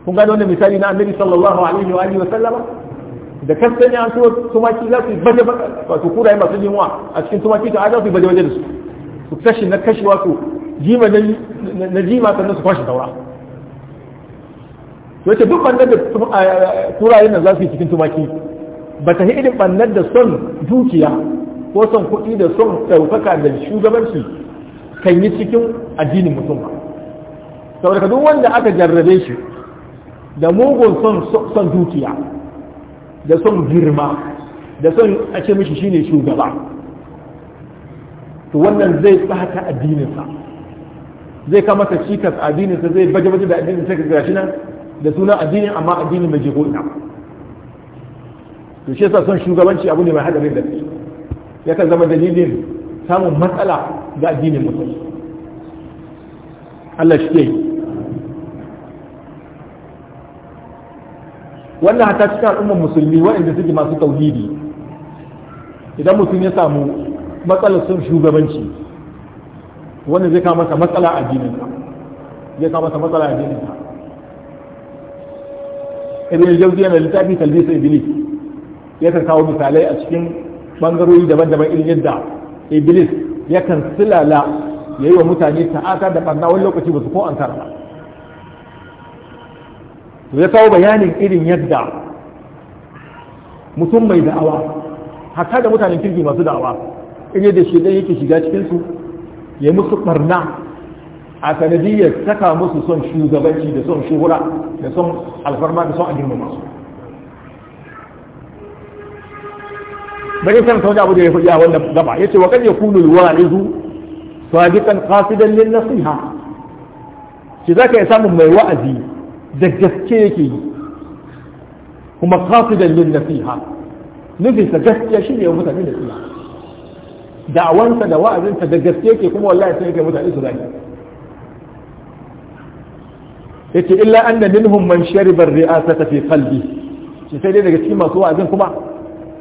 kun gano wannan misali na annabi sallallahu alaihi wa alihi wa sallama da kasance an so tumaki za su baje wato kuraye masu jimuwa a cikin tumaki to a za su baje baje da su su kashi na kashi wato jima na jima sannan su kwashe saura to yace duk bannan da kurayen nan za su yi cikin tumaki ba ta hidin bannan da son dukiya ko son kuɗi da son ɗaukaka da shugabanci kan yi cikin addinin mutum ba saboda duk wanda aka jarrabe shi da mugun son dukiya da son girma da son a ce mishi shine shugaba to wannan zai tsaka addininsa zai kama ta cikas addininsa zai baje baje da addininsa ga shi nan da suna addinin amma addinin bai je ina to shi yasa son shugabanci abu ne mai hadarin da yakan zama dalilin samun matsala ga addinin mutum Allah shi ke yi wannan hata cikin al'ummar musulmi waɗanda suke masu tauhidi idan mutum ya samu matsalar sun shugabanci wannan zai kama masa matsala a jininsa zai kama masa matsala a jininsa ibn al-jawzi yana littafi talbisa iblis kan kawo misalai a cikin bangarori daban-daban irin yadda iblis kan silala yayi wa mutane ta'ata da barna wani lokaci ba su ko an karba to ya kawo bayanin irin yadda mutum mai da'awa hatta da mutanen kirki masu da'awa in yadda shi dan yake shiga cikin su ya musu barna a sanadiyar saka musu son shugabanci da son shuhura da son alfarma da son ajin masu bari kan sauya abu da ya faɗi a wannan gaba ya ce wa kan ya kunu wa'izu sadiqan qasidan lin nasiha shi zaka ya samu mai wa'azi da gaske yake yi kuma qasidan lin nasiha nufinsa gaskiya shi ne mutane nasiha da'awansa da wa'azinsa da gaske yake kuma wallahi sai yake mutane su zaki yace illa anna minhum man shariba ar-ri'asata fi kalbi shi sai dai daga cikin masu wa'azin kuma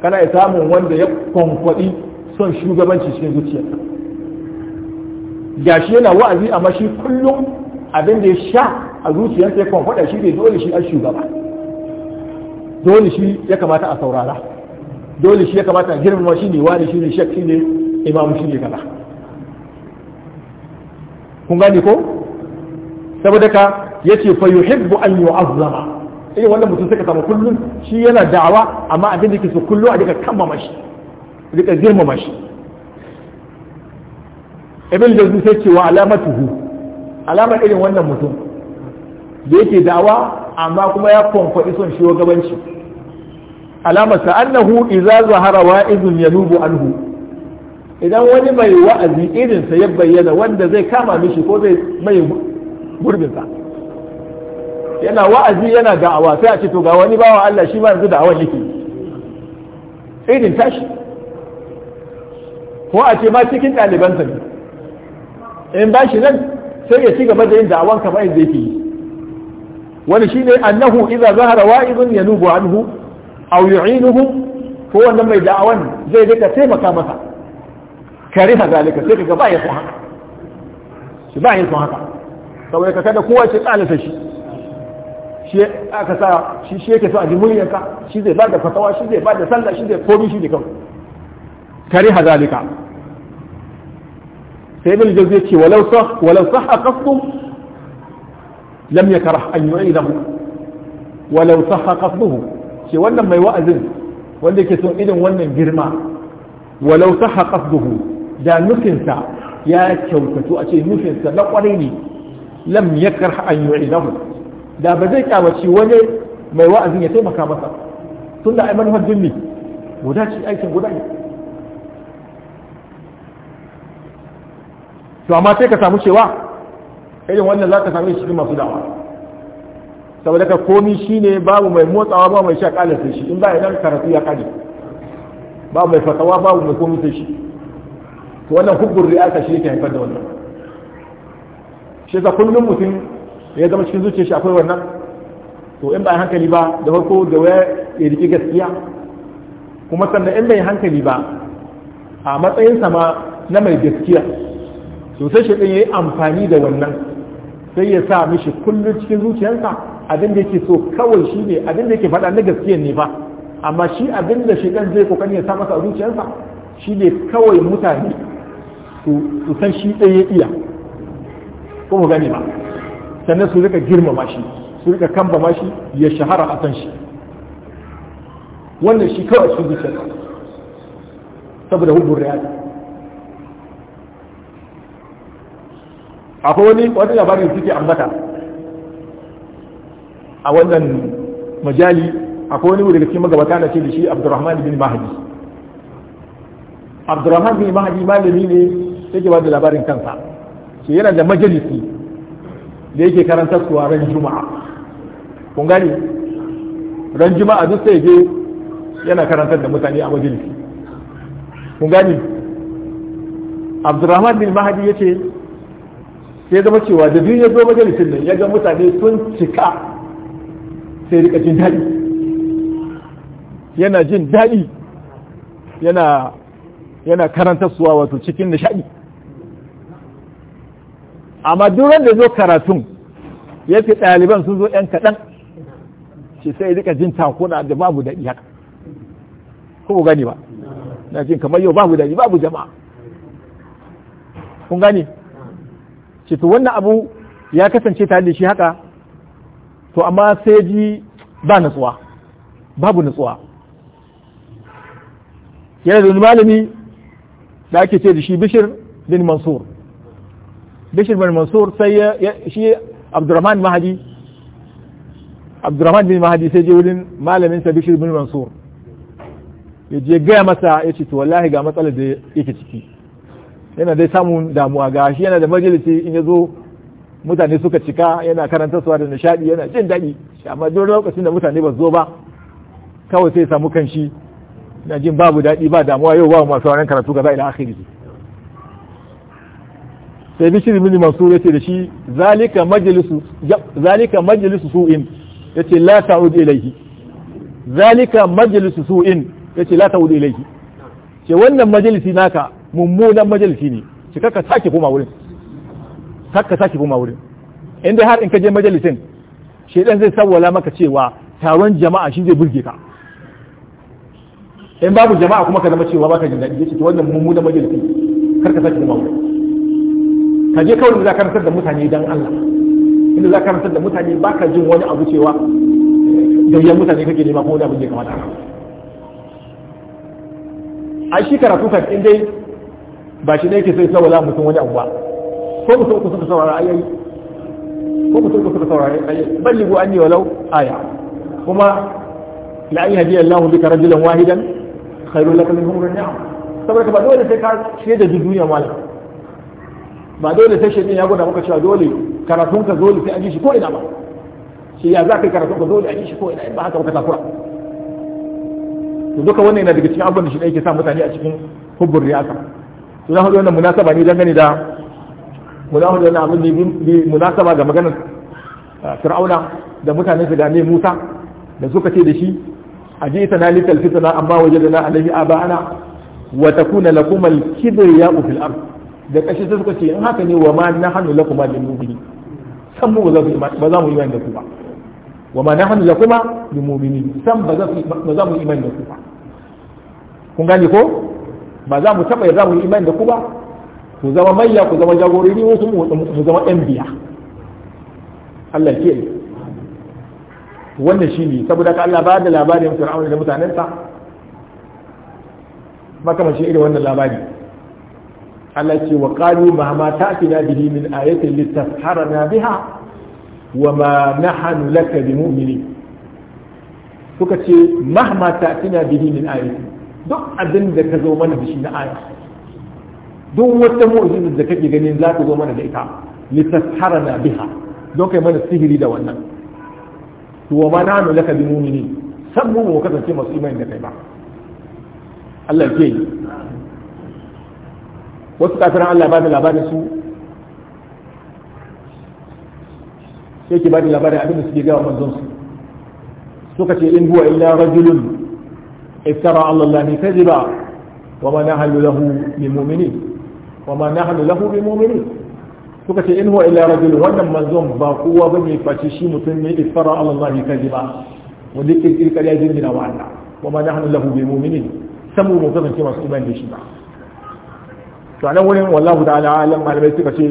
kana ya samun wanda ya kwankwadi son shugabanci cikin zuciyarsa gashi yana wa'azi amma shi kullum abin da ya sha a zuciyarsa ya faɗa shi ne dole shi a shugaba dole shi ya kamata a saurara dole shi ya kamata a girmama shi ne wani shi ne shek shi ne imamu shi ne gaba kun gane ko saboda ka yace fa hibbu an yu'azzama irin wannan mutum suka samu kullum shi yana da'awa amma abin da ke so kullum a dika kammama shi a dika girmama shi ibn jazzi sai ce wa alamatuhu alamar irin wannan mutum da yake dawa amma kuma ya kwankwaɗi son shugabanci ta annahu iza zahara wa ya yanubu anhu idan wani mai wa'azi irinsa ya bayyana wanda zai kama mishi ko zai mai gurbinsa yana wa'azi yana da'awa sai a ce to ga wani bawa Allah shi ma yanzu da'awan yake irin tashi ko a ce ma cikin ɗalibansa ne in ba shi nan sai ya ci gaba da yin da'awan kamar yadda yake yi wani shine annahu idza zahara wa'izun yanubu anhu aw yu'inuhu ko wannan mai da'awan zai rika taimaka masa kariha zalika sai kaga ba ya so haka shi ba ya so haka saboda ka kada kowa shi kalata shi shi aka sa shi shi yake so a ji muryarka shi zai bada fatawa shi zai bada sallah shi zai komi shi ne kawai kariha zalika sai ibn jawzi ce walau sah walau lam yakrah an yu'idahu walau sahha qasduhu shi wannan mai wa'azin wanda yake son irin wannan girma walau saha qasduhu da nufinsa ya kyautatu a ce nufinsa na kwarai ne lam yakrah an yu'idahu da ba zai kyawaci wani mai wa'azin ya taimaka masa tunda ai manufar jinni guda ce aikin guda ne to amma sai ka samu cewa irin wannan za ka sami shi masu dawa saboda ka komi shine babu mai motsawa ba mai sha kalar sai shi in ba idan karatu ya kare babu mai fatawa babu mai komi sai shi to wannan hubbur ri'asa shi yake haifar da wannan shi ka kullum mutum ya zama cikin zuciyar shi akwai wannan to in ba hankali ba da farko da waya ya riƙe gaskiya kuma sannan in bai hankali ba a matsayinsa ma na mai gaskiya sosai shi ɗin ya yi amfani da wannan sai ya sa mishi kullum cikin zuciyarsa abin da yake so kawai shi ne abin da yake faɗa na gaskiya ne ba amma shi abin da shaitan zai kokari ya sa masa a zuciyarsa shi ne kawai mutane su san shi ɗaya iya ko mu gane ba sannan su rika girmama shi su rika kambama shi ya shahara a san shi wannan shi kawai shi zuciyarsa saboda hudun riyadi akwai wani wani labari da suke ambata a wannan majali akwai wani wuri da cikin magabata na ce da shi Abdurrahman bin Mahdi Abdurrahman bin Mahdi malami ne yake ba da labarin kansa shi yana da majalisi da yake karanta su ran juma'a kun gani ran juma'a duk sai je yana karantar da mutane a majalisi kun gani Abdurrahman bin Mahdi ce. sai zama cewa da biyu ya zo majalisin nan ya ga mutane sun cika sai rika jin daɗi yana jin daɗi yana yana karanta suwa wato cikin nishaɗi amma duran da zo karatun ya fi ɗaliban sun zo ‘yan kaɗan shi sai rika jin takuna da babu daɗi haka ko gani ba na jin kamar yau babu daɗi babu jama'a kun gani ce to wannan abu ya kasance tare da shi haka to amma sai ji ba natsuwa babu natsuwa yana da malami da ake ce da shi bishir bin mansur bishir bin mansur sai shi abdurrahman mahadi abdurrahman bin mahadi sai je wurin malaminsa bishir bin mansur ya je gaya masa ya ce to wallahi ga matsalar da yake ciki yana dai samun damuwa ga shi yana da majalisi in ya zo mutane suka cika yana karanta suwa da nishadi yana jin daɗi amma duk lokacin da mutane ba zo ba kawai sai samu kanshi na jin babu daɗi ba damuwa yau ba masu wani karatu ga za'ila akhiri sai mini masu ya ce da shi zalika majalisu zalika majlisu su'in ya la ta'ud ilayhi zalika su'in la ta'ud ce wannan majalisi naka mummunan majalisi ne su kakka sake koma wurin kakka sake koma wurin inda har in ka je majalisin shedan zai sawwala maka cewa taron jama'a shi zai burge ka in babu jama'a kuma ka zama cewa baka jin daɗi ce ta wannan mummunan majalisi kar ka sake koma wurin ka je kawai za ka rantsar da mutane dan Allah inda za ka rantsar da mutane baka jin wani abu cewa gayyan mutane kake nema ko wani abu ne kamata a shi karatu kan in dai ba shi ne ke sai saboda mutum wani abu ba ko mutum ku suka saurara ayi ko mutum ku suka saurara ayoyi balligu anni walau aya kuma la ayi hadiya Allah bika rajulan wahidan khairu lak min humrin ni'am saboda ba dole sai ka shi da duniya malam ba dole sai ne ya gwada maka cewa dole karatun ka dole sai a ji shi ko ina ba shi ya za ka karatun ka dole a ji shi ko ina ba haka ka takura to duka wannan yana daga cikin abin da shi ne yake sa mutane a cikin hubbur riyasa to na hudu wannan munasaba ne dangane da guda hudu wannan abin ne munasaba ga maganar ah, fir'auna da mutanen su da ne musa da suka ce da shi a ji ita na likal fitana amma waje da na alaihi aba'ana wa takuna lakum al-kibriya fil ard da kashi sai suka ce in haka ne wa ma na hannu lakum min mubini san mu ba za mu yi da ku ba wa ma na hannu lakum min mubini san ba za mu yi da ku ba kun gane ko ba za mu taɓa yarda mu yi imani da ku ba ku zama mayya, ku zama jagorori wasu mu zama yan biya Allah ke yi wannan shi ne saboda ka Allah ba da labarin fir'auna da mutanensa makamashin irin wannan labari Allah ce wa qalu ma ma ta'tina bihi min ayatin litasharana biha wa ma nahnu laka bimu'minin suka ce mahma ta'tina bihi min ayatin duk abin da ka zo mana da shi na aya duk wata mu'ujin da kake ganin za ka zo mana da ita na biha don kai mana sihiri da wannan to wa ma nuna laka bi mu'mini san mu kasance masu imani da kai ba Allah ke yi wasu kafiran Allah ba da labarin su sai ke ba da labarin abin da suke gawa manzon su suka ce in huwa illa rajulun افترى على الله كذبا وما نحن له بمؤمنين وما نحن له بمؤمنين suka ce in huwa illa rajul wannan manzon ba kowa bane face shi mutum ne iftara ala Allah kadhiba wanda ke kirkar ya jirgina na Allah wa ma nahnu lahu bi mu'minin samu mu kasance masu iman da shi ba to anan wurin wallahu ta'ala alam malamai suka ce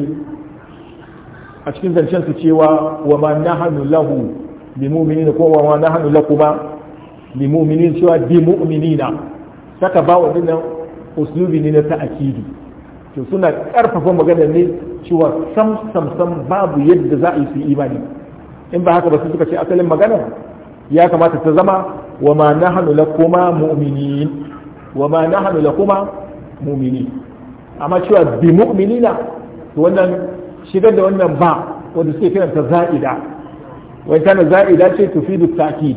a cikin zancen su cewa wa ma nahnu lahu bi mu'minin ko wa ma nahnu lakum ba li cewa bi mu'minina saka ba wa dinnan uslubi ne na ta'kidi to suna karfafa magana ne cewa sam sam sam babu yadda za a yi su imani in ba haka ba su suka ce asalin magana ya kamata ta zama wa ma nahnu lakuma mu'minin wa ma nahnu lakuma mu'minin amma cewa bi mu'minina to wannan shigar da wannan ba wanda suke kiranta za'ida wai kana za'ida ce tufidu ta'kid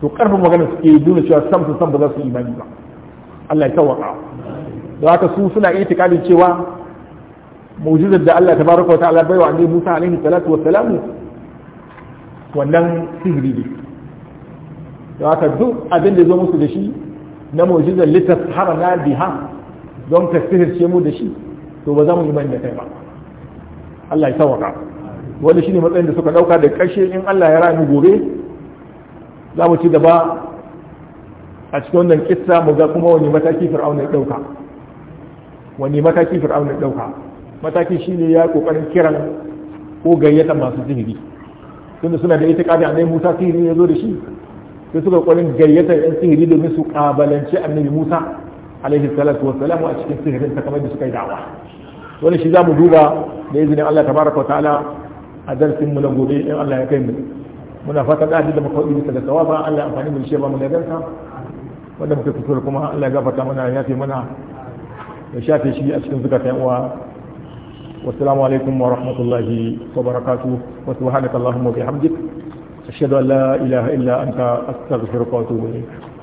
to karfin magana suke yi nuna cewa sam su sam ba za su yi imani ba Allah ya tawaka da haka su suna tikalin cewa mu'jizar da Allah tabaraka wa ta'ala baiwa annabi Musa alaihi salatu wa salam wannan sihiri ne da haka duk abin da zo musu da shi na mu'jizar na biha don ka sihirce mu da shi to ba za mu imani da kai ba Allah ya tawaka wanda shine matsayin da suka dauka da karshe in Allah ya rani gobe za mu ci gaba a cikin wannan kissa mu ga kuma wani mataki fir'auna ya dauka wani mataki fir'auna ya dauka mataki shine ya kokarin kiran ko gayyata masu zihiri tunda suna da itikadi annabi Musa sihiri ya zo da shi sai suka kokarin gayyata yan sihiri domin su kabalance annabi Musa alaihi salatu wassalam a cikin sihirin ta kamar da suka yi da'awa wani shi za mu duba da izinin Allah tabaraka wa ta'ala a darasin mu na gobe in Allah ya kai mu muna fatan da da muka bisa da tawaba Allah ya amfani mu shi ba mu da danka wanda muka kuskure kuma Allah ya gafarta mana ya fi mana ya shafe shi a cikin zukata yan uwa والسلام wa barakatu wa وبركاته وسبحانك اللهم وبحمدك أشهد أن لا إله إلا أنت أستغفرك وأتوب إليك